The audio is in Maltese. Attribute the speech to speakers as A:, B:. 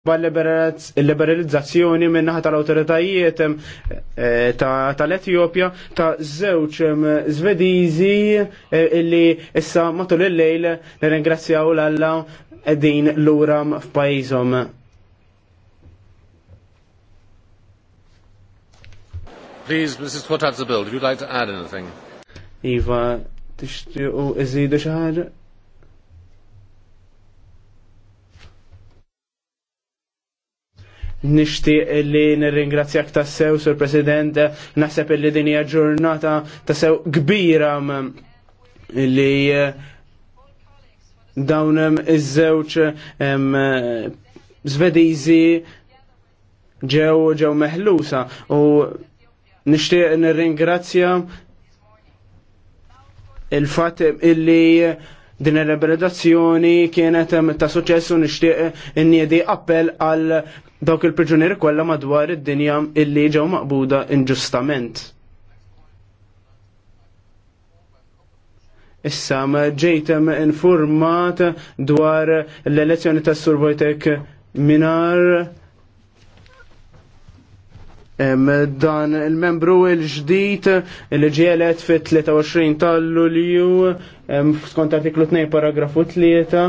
A: il-liberalizzazzjoni minn naħa tal-autoritajiet eh, tal-Etjopja ta' żewġ zvedizi eh, illi issa matul il-lejl nirringrazzjaw l-Alla din l-uram f'pajjiżhom.
B: Please, Mrs. Kotazabel, would you like to add anything?
C: Iva, tixtiequ iżidu xi ħaġa?
A: nishtiq li nirringrazzjak tassew, sur President, naħseb li din hija ġurnata tassew kbira li eh, dawn eh, iż-żewġ Zvedizi eh, ġew ġew meħlusa u nishtiq nirringrazzja il-fatt illi din il-liberazzjoni kienet ta' suċessu nixtieq eh, n-niedi appell għal dawk il-priġunieri kollha madwar id-dinja illi ġew maqbuda inġustament. Issa ġejtem informat dwar l-elezzjoni tas-Sur Minar Dan il-membru il-ġdijt il ġielet fit-23 tal-Lulju skont artiklu 2 paragrafu 3